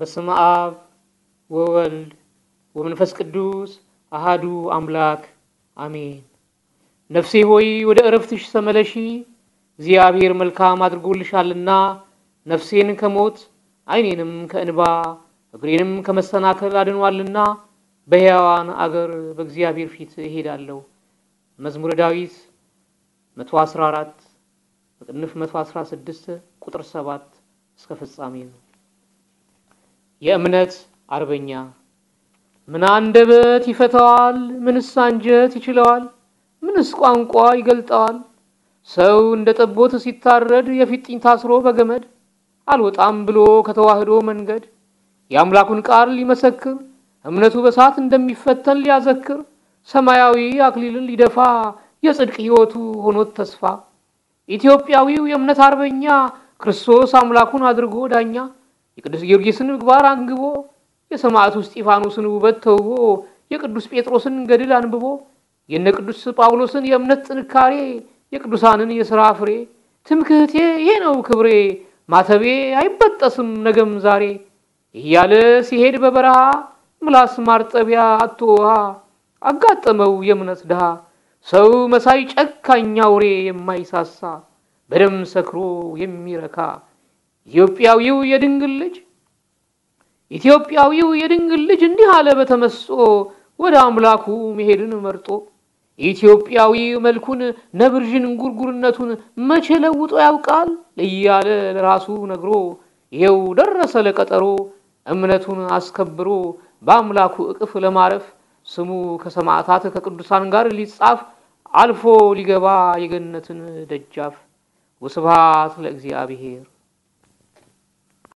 በስመ አብ ወወልድ ወመንፈስ ቅዱስ አሃዱ አምላክ አሜን። ነፍሴ ሆይ ወደ እረፍትሽ ተመለሺ፣ እግዚአብሔር መልካም አድርጎልሻልና። ነፍሴን ከሞት ዓይኔንም ከእንባ እግሬንም ከመሰናከል አድኗልና በሕያዋን አገር በእግዚአብሔር ፊት እሄዳለሁ። መዝሙረ ዳዊት 114 በቅንፍ 116 ቁጥር 7 እስከ ፍጻሜ ነው። የእምነት አርበኛ ምን አንደበት ይፈተዋል? ምንስ አንጀት ይችለዋል? ምንስ ቋንቋ ይገልጠዋል? ሰው እንደ ጠቦት ሲታረድ የፊጥኝ ታስሮ በገመድ አልወጣም ብሎ ከተዋህዶ መንገድ የአምላኩን ቃል ሊመሰክር እምነቱ በሳት እንደሚፈተን ሊያዘክር ሰማያዊ አክሊልን ሊደፋ የጽድቅ ሕይወቱ ሆኖት ተስፋ ኢትዮጵያዊው የእምነት አርበኛ ክርስቶስ አምላኩን አድርጎ ዳኛ የቅዱስ ጊዮርጊስን ምግባር አንግቦ የሰማዕቱ እስጢፋኖስን ውበት ተውቦ የቅዱስ ጴጥሮስን ገድል አንብቦ የነ ቅዱስ ጳውሎስን የእምነት ጥንካሬ የቅዱሳንን የሥራ ፍሬ ትምክህቴ ይሄ ነው ክብሬ ማተቤ አይበጠስም ነገም ዛሬ እያለ ሲሄድ በበረሃ ምላስ ማርጠቢያ አቶ ውሃ አጋጠመው የእምነት ድሃ ሰው መሳይ ጨካኛ አውሬ የማይሳሳ በደም ሰክሮ የሚረካ ኢትዮጵያዊው የድንግል ልጅ ኢትዮጵያዊው የድንግል ልጅ እንዲህ አለ በተመስጦ ወደ አምላኩ መሄድን መርጦ። ኢትዮጵያዊ መልኩን ነብርዥን እንጉርጉርነቱን መቼ ለውጦ ያውቃል እያለ ለራሱ ነግሮ ይኸው ደረሰ ለቀጠሮ እምነቱን አስከብሮ በአምላኩ እቅፍ ለማረፍ ስሙ ከሰማዕታት ከቅዱሳን ጋር ሊጻፍ አልፎ ሊገባ የገነትን ደጃፍ። ወስብሐት ለእግዚአብሔር።